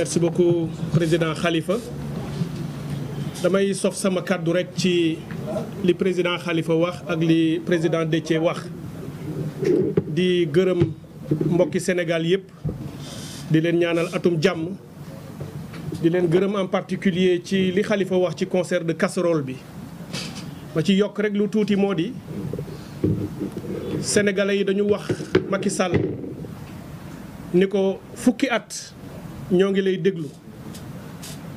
merci beaucoup président Khalifa damay sof sama kàddu rekk ci li président xalifa wax ak li président Déthié wax di gërëm mbokki Sénégal yëpp di leen ñaanal atum jàmm di leen gërëm en particulier ci li xalifa wax ci concert de casserole bi ma ci yokk rek lu tuuti moo di sénégalais yi dañu wax Macky Sall ni ko fukki at ñoo ngi lay déglu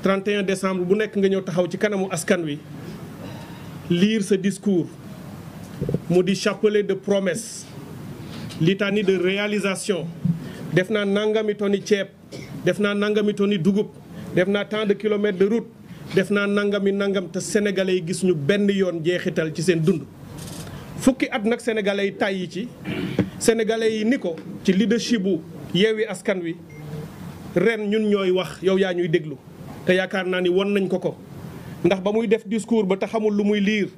trente 31 décembre bu nekk nga ñëw taxaw ci kanamu askan wi lire ce discours mu di chapelet de promesses litanie de réalisation def naa nangami toni ceeb def naa nangami toni dugub def naa tant de kilomètres de route def naa nangami nangam te sénégalais yi gis ñu benn yoon jeexital ci seen dund fukki at nag sénégalais yi tàyyi ci sénégalais yi ni ko ci leadership bu yeewi askan wi ren ñun ñooy wax yow yaa ñuy déglu te yaakaar naa ni won nañ ko ko ndax ba muy def discours ba te xamul lu muy liir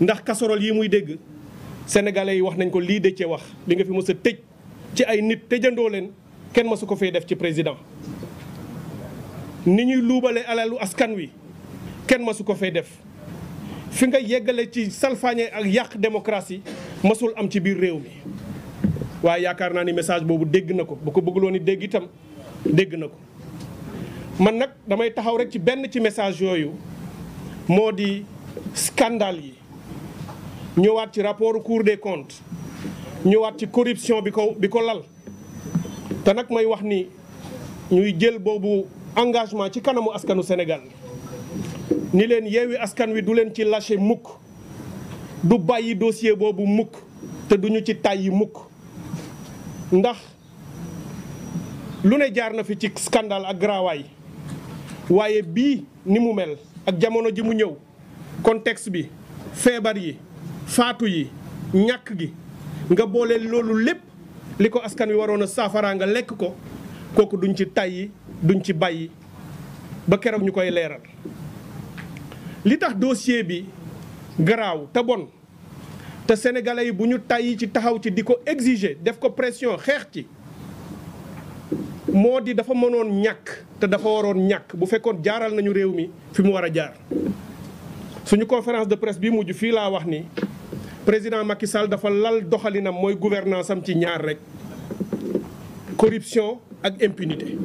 ndax casserole yi muy dégg sénégalais yi wax nañ ko lii cee wax li nga fi mës a tëj ci ay nit tëjandoo leen kenn mësu ko fee def ci président ni ñuy luubale alalu askan wi kenn mësu ko fee def fi nga yeggale ci salfaañe ak yàq démocratie masul am ci biir réew mi waaye yaakaar naa ni message boobu dégg na ko bu ko bëgguloon ni dégg itam dégg na ko man nag damay taxaw rek ci benn ci message yooyu moo di scandale yi ñëwaat ci rapport Cour de comptes ñëwaat ci corruption bi ko bi ko lal te nag may wax ni ñuy jël boobu engagement ci kanamu askanu Sénégal ni leen yeewi askan wi du leen ci lâché mukk du bàyyi dossier boobu mukk te duñu ci tàyyi mukk ndax lu ne jaar na fi ci scandale ak graawaay waaye bii ni mu mel ak jamono ji mu ñëw contexte bi feebar yi faatu yi ñàkk gi nga boole loolu lépp li ko askan wi waroon a saafaraa nga lekk ko kooku duñ ci tàyyi duñ ci bàyyi ba keroog ñu koy leeral li tax dossier bi garaaw te bon te sénégalais yi bu ñu tàyyi ci taxaw ci di ko exiger def ko pression xeex ci moo di dafa mënoon ñàkk te dafa waroon ñàkk bu fekkoon jaaral nañu réew mi fi mu war a jaar suñu conférence de presse bi mujj fii laa wax ni président Macky Sall dafa lal doxalinam mooy gouvernance am ci ñaar rek corruption ak impunité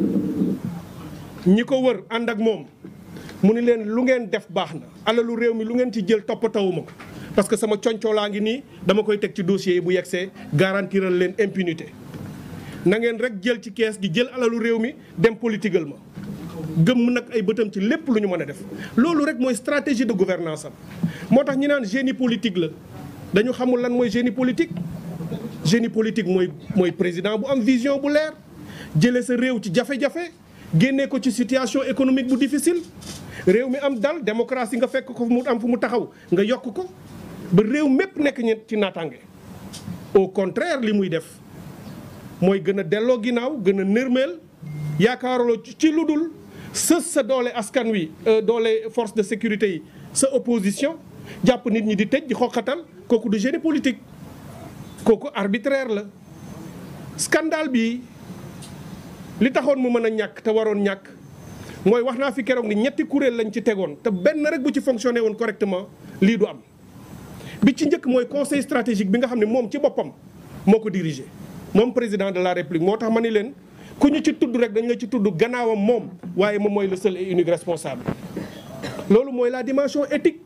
ñi ko wër ànd ak moom mu ni leen lu ngeen def baax na alalu réew mi lu ngeen ci jël toppatawuma ko parce que sama coñcoo laa ngi nii dama koy teg ci dossier yi bu yegsee garantiral leen impunité na ngeen rek jël ci kees gi jël alalu réew mi dem politigal ma gëmm nag ay bëtam ci lépp lu ñu mën a def loolu rek mooy stratégie de gouvernance am moo tax ñu naan génie politique la dañu xamul lan mooy génie politique génie politique mooy mooy président bu am vision bu leer jëlee sa réew ci jafe-jafe génnee ko ci situation économique bu difficile réew mi am dal démocratie nga fekk ko mu am fu mu taxaw nga yokk ko ba réew mépp nekk ñi ci naataange au contraire li muy def mooy gën a delloo ginnaaw gën a nërmeel yaakaaruloo ci lu dul sës sa doole askan wi euh, doole force de sécurité yi sa opposition jàpp nit ñi di tëj di xoqatal kooku du génie politique kooku arbitraire la scandale bi li taxoon mu mën a ñàkk te waroon ñàkk mooy wax naa fi keroog ni ñetti kuréel lañ ci tegoon te benn rek bu ci fonctionné woon correctement lii du am bi ci njëkk mooy conseil stratégique bi nga xam ne moom ci boppam moo ko dirigé moom président de la république moo tax ma ni leen ku ñu ci tudd rek dañu la ci tudd gannaawam moom waaye moom mooy le seul et unique responsable. loolu mooy la dimension éthique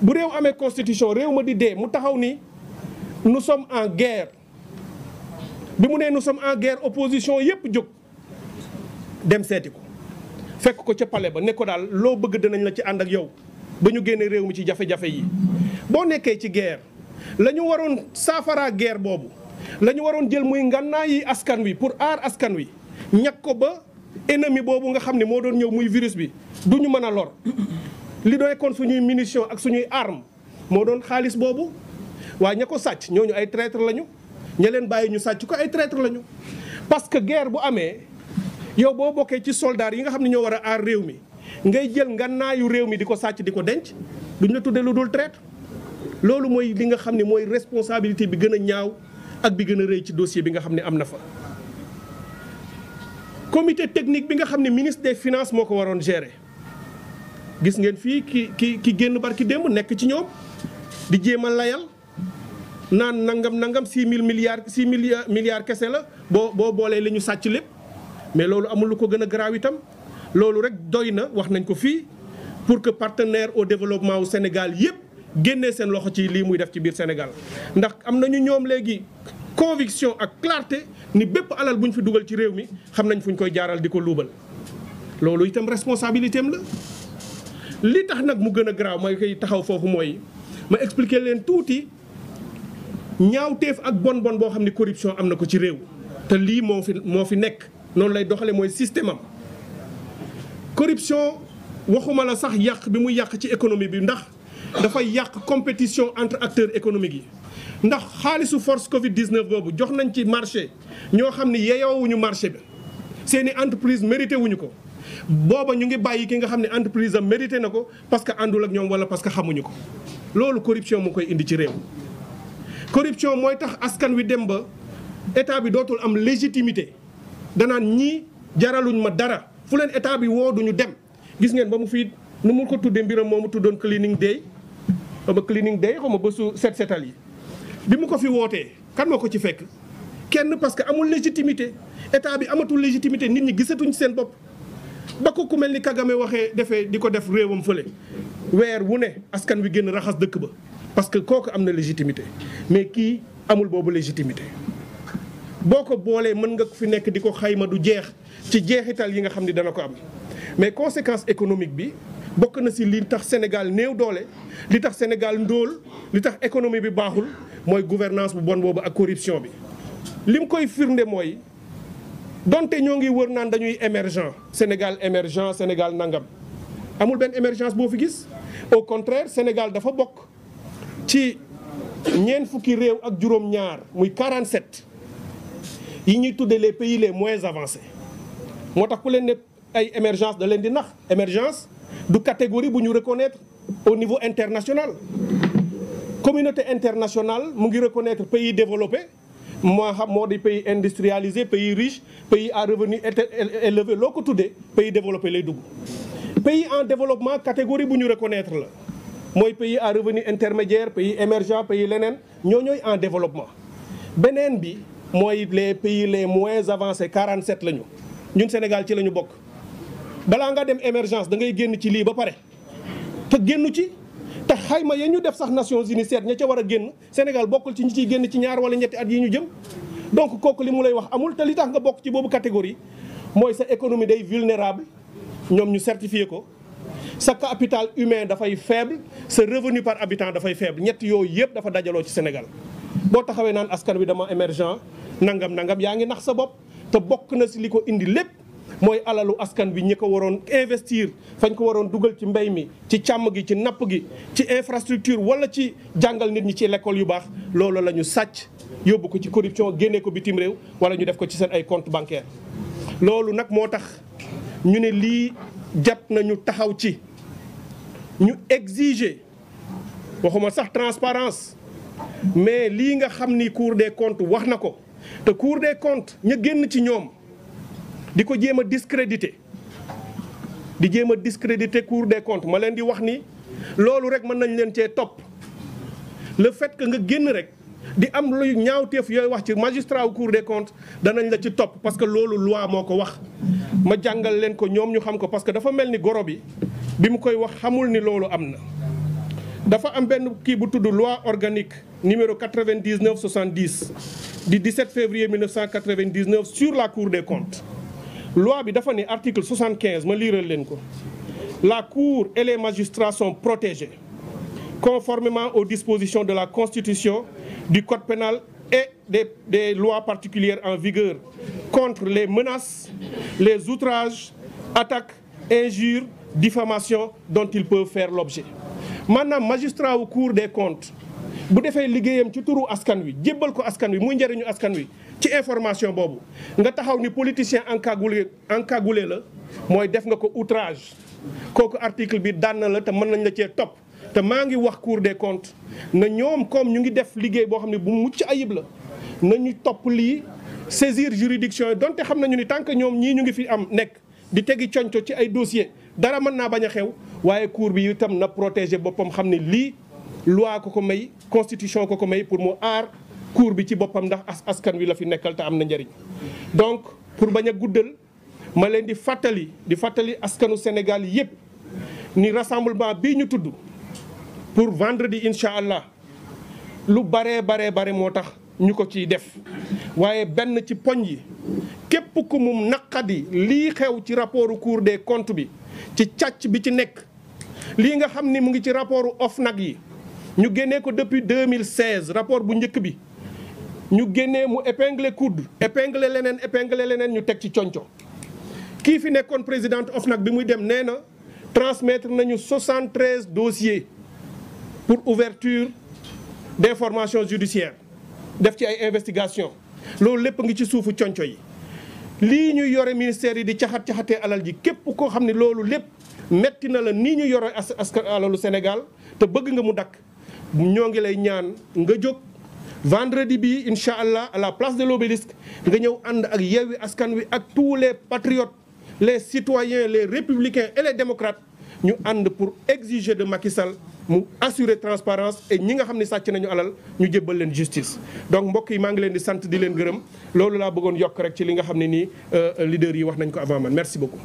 bu réew amee constitution réew ma di dee mu taxaw ni nous en guerre bi mu nee nous sommes en guerre opposition yépp jóg dem seeti ko fekk ko ca pale ba nekko daal loo bëgg dinañ la ci ànd ak yow ba ñu génnee réew mi ci jafe-jafe yi boo nekkee ci guerre la ñu waroon saafaraa guerre boobu. la ñu waroon jël muy ngànnaay askan wi pour aar askan wi ñàkk ko ba ennemi boobu nga xam ne moo doon ñëw muy virus bi du ñu mën a lor li doon kon suñuy munition ak suñuy arme moo doon xaalis boobu waa ña ko sàcc ñooñu ay traître lañu ña leen bàyyi ñu sàcc ko ay traître lañu. parce que guerre bu amee yow boo bokkee ci soldats yi nga xam ne ñoo war a aar réew mi ngay jël ngànnaayu réew mi di ko sàcc di ko denc duñ la tuddee lu dul traître loolu mooy li nga xam ne mooy responsabilité bi gën a ñaaw. ak bi gën a rëy ci dossier bi nga xam ne am na fa. comité technique bi nga xam ne ministre des finance moo ko waroon gérer gis ngeen fii ki ki ki génn barki démb nekk ci ñoom di jéem a layal naan nangam nangam 6 mille milliards 6 milliards euh, milliards kese la boo boo boolee li ñu sàcc lépp mais loolu amul lu ko gën a garaaw itam loolu rek doy na wax nañ ko fii pour que partenaire au développement wu Sénégal yëpp génnee seen loxo ci lii muy def ci biir Sénégal ndax am conviction ak clarté ni bépp alal bu ñu fi dugal ci réew mi xam nañ fu ñu koy jaaral di ko luubal loolu itam responsabilité am la li tax nag mu gën a garaaw may koy taxaw foofu mooy ma expliquer leen tuuti ñaawteef ak bon bon boo xam ni corruption am na ko ci réew te lii moo fi moo fi nekk noonu lay doxale mooy système am corruption waxuma la sax yàq bi mu yàq ci économie bi ndax dafay yàq compétition entre acteurs économiques yi ndax xaalisu force Covid 19 boobu jox nañ ci marché ñoo xam ni yeyoowuñu marché bi seen i entreprise mérité wuñu ko booba ñu ngi bàyyi ki nga xam ne entreprise am mérité na ko parce que àndul ak ñoom wala parce que xamuñu ko loolu corruption moo koy indi ci réew. corruption mooy tax askan wi dem ba état bi dootul am légitimité danaan ñi jaraluñ ma dara fu leen état bi woo duñu dem gis ngeen ba mu fii nu mu ko tuddee mbiram moomu tuddoon cleaning day xaw ma cleaning day xaw ma bésu set setal yi. bi mu ko fi wootee kan ma ko ci fekk kenn parce que amul légitimité état bi amatul légitimité nit ñi gisatuñ seen bopp ba ko ku mel ni Kagame waxee defee di ko def réewam fële weer wu ne askan wi génn raxas dëkk ba parce que kooku am na légitimité mais kii amul boobu légitimité boo ko boolee mën nga fi nekk di ko xayma du jeex ci jeexital yi nga xam ni dana ko am mais conséquence économique bi bokk na si li tax Sénégal néew doole li tax Sénégal ndóol li tax économie bi baaxul mooy gouvernance bu bon boobu ak corruption bi lim koy firnde mooy donte ñoo ngi wër naan dañuy émergent Sénégal émergent Sénégal nangam amul benn émergence boo fi gis au contraire Sénégal dafa bokk ci ñeent fukki réew ak juróom-ñaar muy 47 yi ñuy tuddee les pays les moins avancés moo tax ku leen ne ay émergence da leen di nax émergence du catégorie bu ñu reconnaître au niveau international communauté internationale mu ngi reconnaître pays développé moo xam moo di pays industrialisé pays riche pays à revenu élevé loo ko tuddee pays développé lay dugg pays en développement catégorie bu ñu reconnaître la mooy pays à revenu intermédiaire pays émergent pays leneen ñoo ñooy en développement beneen bi mooy les pays les moins avancés 47 la ñu ñun Sénégal ci la ñu bokk balaa nga dem émergence da ngay génn ci lii ba pare te génn ci te xayma ya ñu def sax Nations Unies seet ña ca war a génn Sénégal bokkul ci ñi ciy génn ci ñaar wala ñetti at yi ñu jëm donc kooku li mu lay wax amul te li tax nga bokk ci boobu catégorie mooy sa économie day vulnérable ñoom ñu certifié ko sa capital humain dafay faible sa revenu par habitant dafay faible ñett yooyu yëpp dafa dajaloo ci Sénégal boo taxawee naan askan wi dama émergent nangam nangam yaa ngi nax sa bopp te bokk na si li ko indi lépp mooy alalu askan bi ñi ko waroon investir fañ ko waroon dugal ci mbay mi ci càmm gi ci napp gi ci infrastructure wala ci jàngal nit ñi ci l'école yu baax loolu la ñu sàcc yóbbu ko ci corruption génnee ko bitim réew wala ñu def ko ci seen ay compte bancaire loolu nag moo tax ñu ne lii jat nañu taxaw ci ñu exiger waxuma sax transparence mais lii nga xam ni Cour de comptes wax na ko te Cour de comptes ña génn ci ñoom di ko jéem a discrédité di jéem a discrédité cour des comptes ma leen di wax ni loolu rek mën nañ leen cee topp la fait que nga génn rek di am luy ñaawteef yooyu wax ci magistrat wu cour des danañ la ci topp parce que loolu loi moo ko wax ma jàngal leen ko ñoom ñu xam ko parce que dafa mel ni goro bi bi mu koy wax xamul ni loolu am na dafa am benn kii bu tudd loi organique numéro 99 70 du 17 février 1999 sur la cour des comptes loi bi dafa ne article 75 ma liiral leen ko la cour et les magistrats sont protégés conformément aux dispositions de la constitution du code pénal et des, des lois particulières en vigueur contre les menaces les outrages attaques injures diffamations dont ils peuvent faire l'objet maanaam magistrat wu cour des comptes bu defee liggéeyam ci turu askan wi jébbal ko askan wi muy njëriñu askan wi ci information boobu nga taxaw ni politicien encagoulé encagoulé la mooy def nga ko outrage kooku article bi daan na la te mën nañ la cee topp te maa ngi wax Cour de comptes na ñoom comme ñu ngi def liggéey boo xam ne bu mucc ayib la nañu topp lii saisir juridiction yi donte xam nañu ni tant que ñoom ñii ñu ngi fi am nekk di tegi conco ci ay dossier dara mën naa bañ a xew waaye cour bi itam na protéger boppam xam ne lii loi ko ko may constitution ko ko may pour mu aar cour bi ci boppam ndax as askan wi la fi nekkal te am na njariñ donc pour bañ a guddal ma leen di fàttali di fàttali askanu Sénégal yépp ni rassemblement bii ñu tudd pour vendredi incha allah lu baree baree bare moo tax ñu ko ciy def waaye benn ci poñ yi képp ku mu naqadi lii xew ci rapportu Cour de comptes bi ci càcc bi ci nekk lii nga xam ni mu ngi ci rapportu nag yi ñu génnee ko depuis 2016 rapport bu njëkk bi ñu génnee mu épinglé coude épinglé leneen épinglé leneen ñu teg ci conco kii fi nekkoon présidente OFNAC bi muy dem nee na transmettre nañu 73 dossiers pour ouverture d'information judiciaire def ci ay investigation loolu lépp ngi ci suufu conco yi lii ñuy yore ministère yi di caxat-caxatee alal ji képp ko xam ne loolu lépp metti na la nii ñu yore askan alalu Sénégal te bëgg nga mu dakk ñoo ngi lay ñaan nga jóg vendredi bi incha allah à la place de l'obélisque nga ñëw ànd ak Yewwi Askan Wi ak tous les patriotes les citoyens les républicains et les démocrates ñu ànd pour exiger de Macky Sall mu assurer transparence et ñi nga xam ni sàcc nañu alal ñu jébbal leen justice donc mbokk yi maa ngi leen di sant di leen gërëm loolu laa bëggoon yokk rek ci li nga xam ne nii euh, leader yi wax nañ ko avant merci beaucoup